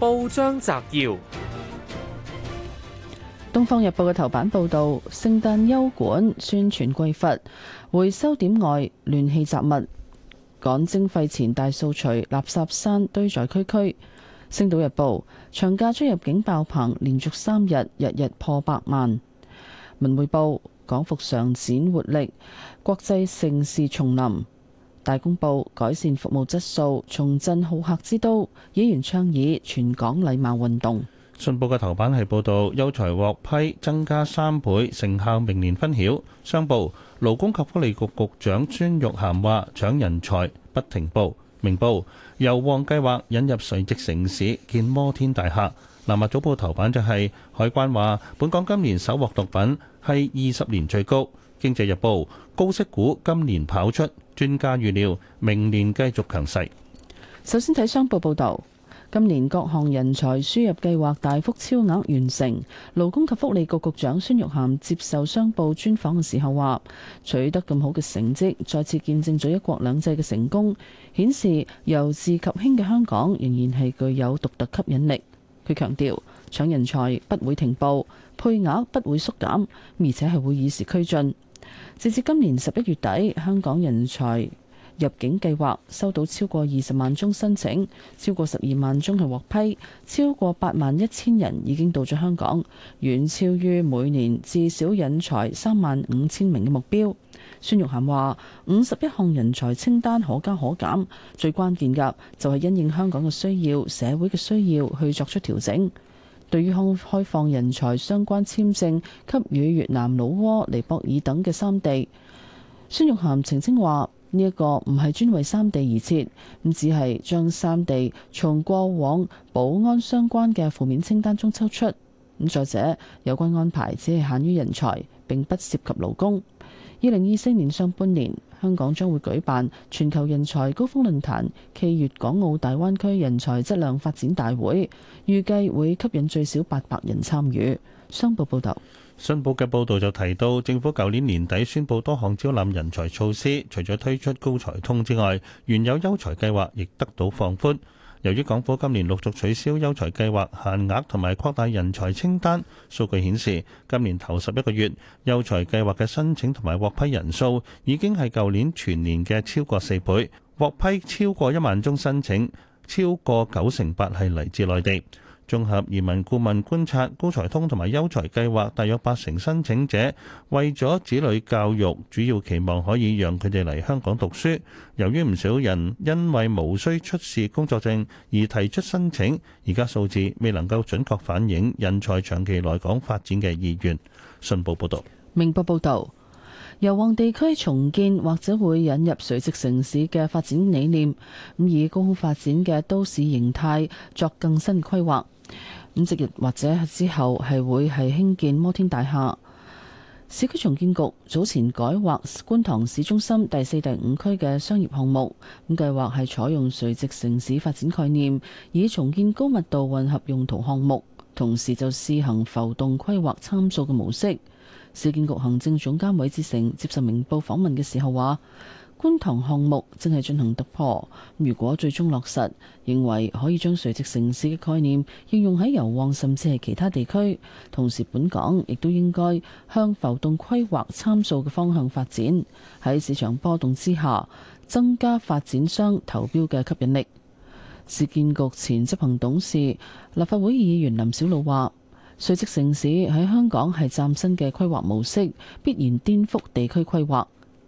報章摘要：《東方日報》嘅頭版報道，聖誕休館宣傳貴佛回收點外亂棄雜物，趕徵費前大掃除，垃圾山堆在區區。《星島日報》長假出入境爆棚，連續三日日日破百萬。《文匯報》港服上展活力，國際盛事重臨。大公報改善服務質素，重振好客之都，議員倡議全港禮貌運動。信報嘅頭版係報導優才獲批增加三倍，成效明年分曉。商報勞工及福利局局，局長孫玉菡話搶人才不停步。明報油旺計劃引入垂直城市建摩天大廈。南華早報頭版就係、是、海關話本港今年手獲毒品係二十年最高。經濟日報高息股今年跑出，專家預料明年繼續強勢。首先睇商報報道，今年各項人才輸入計劃大幅超額完成。勞工及福利局局長孫玉菡接受商報專訪嘅時候話：取得咁好嘅成績，再次見證咗一國兩制嘅成功，顯示由治及興嘅香港仍然係具有獨特吸引力。佢強調搶人才不會停步，配額不會縮減，而且係會與時俱進。截至今年十一月底，香港人才入境計劃收到超過二十萬宗申請，超過十二萬宗係獲批，超過八萬一千人已經到咗香港，遠超於每年至少引才三萬五千名嘅目標。孫玉菡話：五十一項人才清單可加可減，最關鍵嘅就係因應香港嘅需要、社會嘅需要去作出調整。對於開放人才相關簽證給予越南、老撾、尼泊爾等嘅三地，孫玉菡澄清話：呢、這、一個唔係專為三地而設，咁只係將三地從過往保安相關嘅負面清單中抽出。咁再者，有關安排只係限於人才，並不涉及勞工。二零二四年上半年，香港將會舉辦全球人才高峰論壇暨粵港澳大灣區人才質量發展大會，預計會吸引最少八百人參與。商報報導，商報嘅報導就提到，政府舊年年底宣布多項招攬人才措施，除咗推出高才通之外，原有優才計劃亦得到放寬。由於港府今年陸續取消優才計劃限額同埋擴大人才清單，數據顯示今年頭十一個月優才計劃嘅申請同埋獲批人數已經係舊年全年嘅超過四倍，獲批超過一萬宗申請，超過九成八係嚟自內地。綜合移民顧問觀察，高才通同埋優才計劃，大約八成申請者為咗子女教育，主要期望可以讓佢哋嚟香港讀書。由於唔少人因為無需出示工作證而提出申請，而家數字未能夠準確反映人才長期來港發展嘅意願。信報報道。明報報道，油旺地區重建或者會引入垂直城市嘅發展理念，咁以高空發展嘅都市形態作更新規劃。咁即日或者之後係會係興建摩天大廈。市區重建局早前改劃觀塘市中心第四、第五區嘅商業項目，咁計劃係採用垂直城市發展概念，以重建高密度混合用途項目，同時就試行浮動規劃參數嘅模式。市建局行政總監韋志成接受明報訪問嘅時候話。觀塘項目正係進行突破，如果最終落實，認為可以將垂直城市嘅概念應用喺油旺，甚至係其他地區。同時，本港亦都應該向浮動規劃參數嘅方向發展，喺市場波動之下，增加發展商投標嘅吸引力。市建局前執行董事、立法會議員林小露話：垂直城市喺香港係嶄新嘅規劃模式，必然顛覆地區規劃。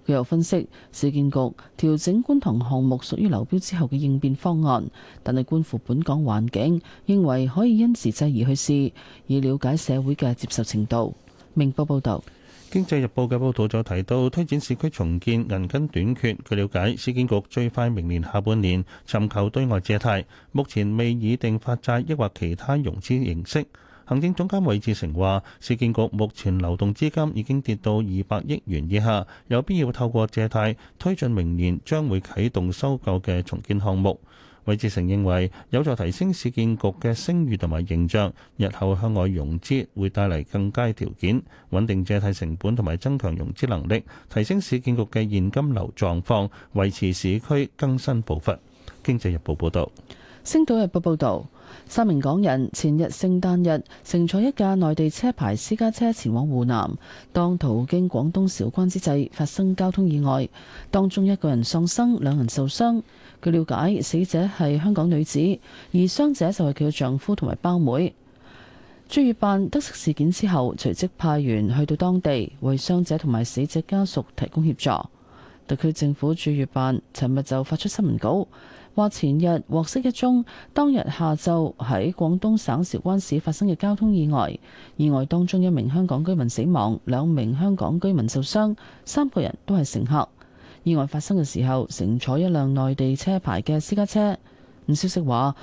佢又分析，市建局調整觀塘項目屬於流標之後嘅應變方案，但係關乎本港環境，認為可以因時制宜去試，以了解社會嘅接受程度。明報報道，經濟日報嘅報道就提到，推展市區重建銀根短缺。據了解，市建局最快明年下半年尋求對外借貸，目前未擬定發債，抑或其他融資形式。行政總監韋志成話，市建局目前流動資金已經跌到二百億元以下，有必要透過借貸推進明年將會啟動收購嘅重建項目。韋志成認為有助提升市建局嘅聲譽同埋形象，日後向外融資會帶嚟更佳條件，穩定借貸成本同埋增強融資能力，提升市建局嘅現金流狀況，維持市區更新步伐。經濟日報報道。星島日報報道。三名港人前日聖誕日乘坐一架內地車牌私家車前往湖南，當途經廣東韶關之際發生交通意外，當中一個人喪生，兩人受傷。據了解，死者係香港女子，而傷者就係佢嘅丈夫同埋胞妹。駐粵辦得悉事件之後，隨即派員去到當地，為傷者同埋死者家屬提供協助。特區政府駐粵辦尋日就發出新聞稿。話前日獲悉一宗當日下晝喺廣東省韶關市發生嘅交通意外，意外當中一名香港居民死亡，兩名香港居民受傷，三個人都係乘客。意外發生嘅時候，乘坐一輛內地車牌嘅私家車。咁消息話，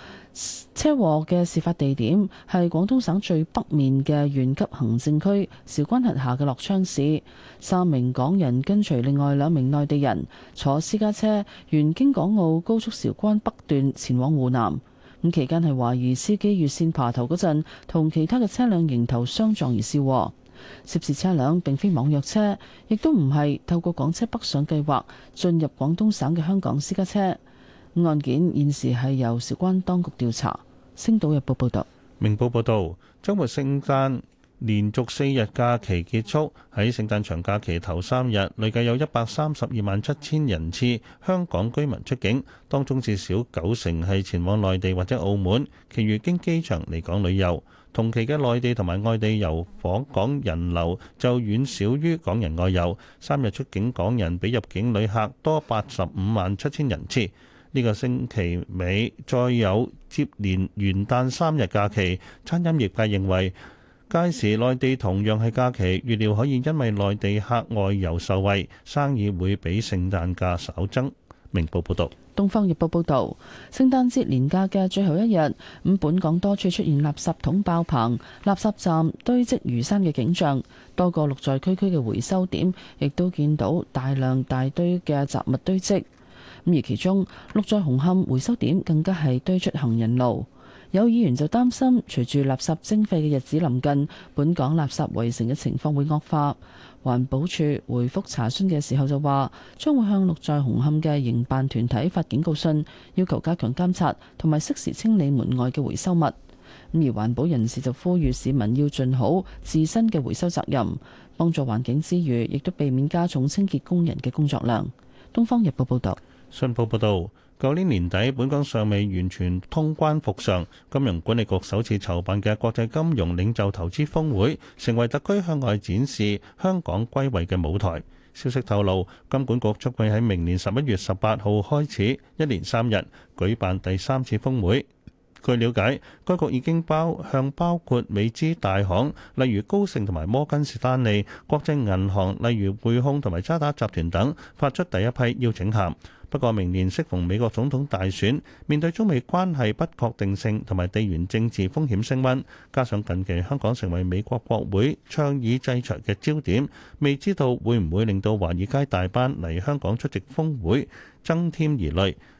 車禍嘅事發地點係廣東省最北面嘅縣級行政區韶關轄下嘅樂昌市。三名港人跟隨另外兩名內地人坐私家車，沿京港澳高速韶關北段前往湖南。咁期間係懷疑司機越線爬頭嗰陣，同其他嘅車輛迎頭相撞而燒鑊。涉事車輛並非網約車，亦都唔係透過港車北上計劃進入廣東省嘅香港私家車。案件現時係由韶關當局調查。星島日報報道，明報報道，周末聖誕連續四日假期結束。喺聖誕長假期頭三日，累計有一百三十二萬七千人次香港居民出境，當中至少九成係前往內地或者澳門，其餘經機場離港旅遊。同期嘅內地同埋外地遊訪港人流就遠少於港人外遊。三日出境港人比入境旅客多八十五萬七千人次。呢個星期尾再有接連元旦三日假期，餐飲業界認為屆時內地同樣係假期，預料可以因為內地客外遊受惠，生意會比聖誕假稍增。明報報道。東方日報報道，聖誕節年假嘅最後一日，咁本港多處出現垃圾桶爆棚、垃圾站堆積如山嘅景象，多個綠在區區嘅回收點亦都見到大量大堆嘅雜物堆積。而其中，六在紅磡回收點更加係堆出行人路。有議員就擔心，隨住垃圾徵費嘅日子臨近，本港垃圾圍城嘅情況會惡化。環保署回覆查詢嘅時候就話，將會向六在紅磡嘅營辦團體發警告信，要求加強監察同埋適時清理門外嘅回收物。咁而環保人士就呼籲市民要盡好自身嘅回收責任，幫助環境之餘，亦都避免加重清潔工人嘅工作量。《東方日報》報道。信報報道，舊年年底，本港尚未完全通關復常，金融管理局首次籌辦嘅國際金融領袖投資峰會，成為特區向外展示香港歸位嘅舞台。消息透露，金管局將會喺明年十一月十八號開始，一連三日舉辦第三次峰會。據了解，該局已經包向包括美資大行，例如高盛同埋摩根士丹利、國際銀行，例如匯控同埋渣打集團等，發出第一批邀請函。不過，明年適逢美國總統大選，面對中美關係不確定性同埋地緣政治風險升溫，加上近期香港成為美國國會倡議制裁嘅焦點，未知道會唔會令到華爾街大班嚟香港出席峰會，增添疑慮。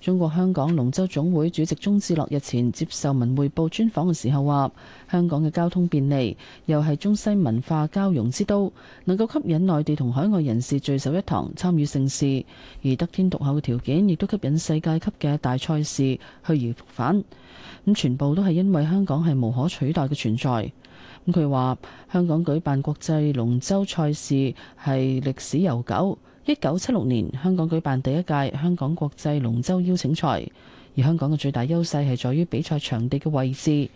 中國香港龍舟總會主席鍾志樂日前接受《文匯報》專訪嘅時候話，香港嘅交通便利，又係中西文化交融之都，能夠吸引內地同海外人士聚首一堂參與盛事，而得天獨厚嘅條件亦都吸引世界級嘅大賽事去而復返。咁全部都係因為香港係無可取代嘅存在。咁佢話，香港舉辦國際龍舟賽事係歷史悠久。一九七六年，香港舉辦第一屆香港國際龍舟邀請賽。而香港嘅最大優勢係在於比賽場地嘅位置。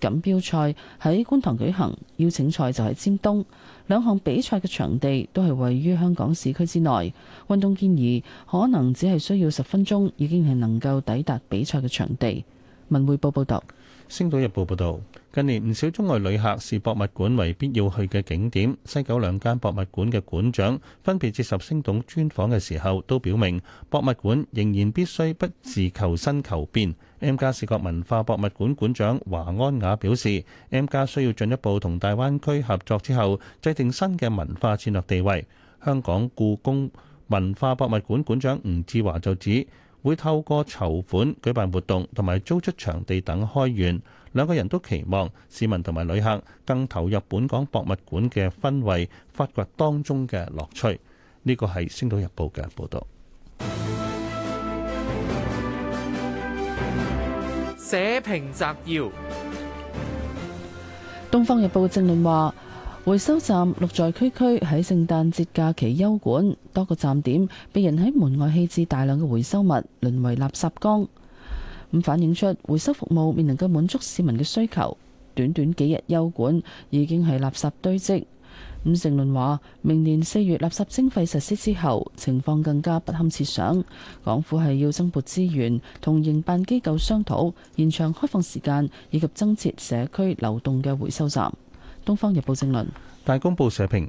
錦標賽喺觀塘舉行，邀請賽就喺尖東。兩項比賽嘅場地都係位於香港市區之內。運動建議可能只係需要十分鐘，已經係能夠抵達比賽嘅場地。文匯報報道，星島日報報道。近年唔少中外旅客視博物館為必要去嘅景點，西九兩間博物館嘅館長分別接受星島專訪嘅時候，都表明博物館仍然必須不時求新求變。M 家視覺文化博物館館長華安雅表示，M 家需要進一步同大灣區合作之後制定新嘅文化戰略地位。香港故宮文化博物館館長吳志華就指，會透過籌款、舉辦活動同埋租出場地等開源。兩個人都期望市民同埋旅客更投入本港博物館嘅氛圍，發掘當中嘅樂趣。呢個係《星島日報》嘅報導。社評摘要：《東方日報》嘅政論話，回收站綠在區區喺聖誕節假期休館，多個站點被人喺門外棄置大量嘅回收物，淪為垃圾缸。咁反映出回收服務未能夠滿足市民嘅需求，短短幾日休館，已經係垃圾堆積。咁成論話，明年四月垃圾徵費實施之後，情況更加不堪設想。港府係要增撥資源，同營辦機構商討延長開放時間以及增設社區流動嘅回收站。東方日報正論，大公報社評。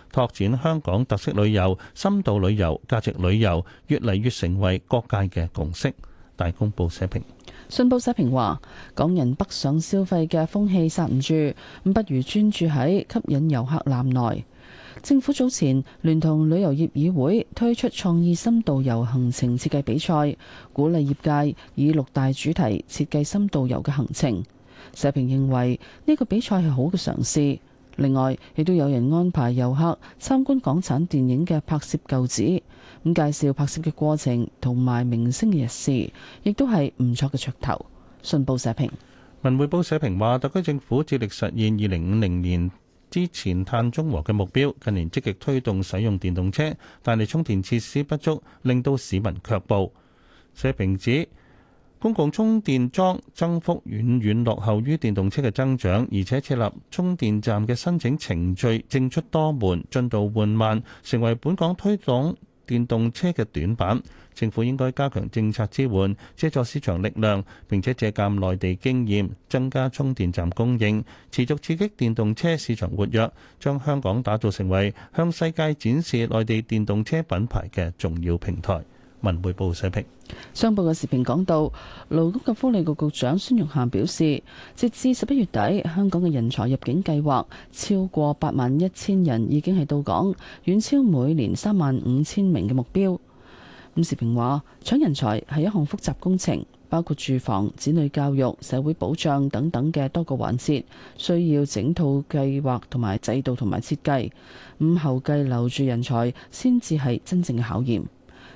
拓展香港特色旅遊、深度旅遊、價值旅遊越嚟越成為各界嘅共識。大公報社評信報社評話，港人北上消費嘅風氣剎唔住，咁不如專注喺吸引遊客南來。政府早前聯同旅遊業議會推出創意深度遊行程設計比賽，鼓勵業界以六大主題設計深度遊嘅行程。社評認為呢個比賽係好嘅嘗試。另外，亦都有人安排遊客參觀港產電影嘅拍攝舊址，咁介紹拍攝嘅過程同埋明星嘅日事，亦都係唔錯嘅噱頭。信報社評。文匯報社評話，特區政府致力實現二零五零年之前碳中和嘅目標，近年積極推動使用電動車，但係充電設施不足，令到市民卻步。社評指，公共充電樁增幅遠遠落後於電動車嘅增長，而且設立充電站嘅申請程序正出多門，進度緩慢，成為本港推廣電動車嘅短板。政府應該加強政策支援，借助市場力量，並且借鑒內地經驗，增加充電站供應，持續刺激電動車市場活躍，將香港打造成為向世界展示內地電動車品牌嘅重要平台。文匯報水平。商報嘅時評講到，勞工及福利局局長孫玉菡表示，截至十一月底，香港嘅人才入境計劃超過八萬一千人已經係到港，遠超每年三萬五千名嘅目標。咁時評話，搶人才係一項複雜工程，包括住房、子女教育、社會保障等等嘅多個環節，需要整套計劃同埋制度同埋設計。咁後繼留住人才，先至係真正嘅考驗。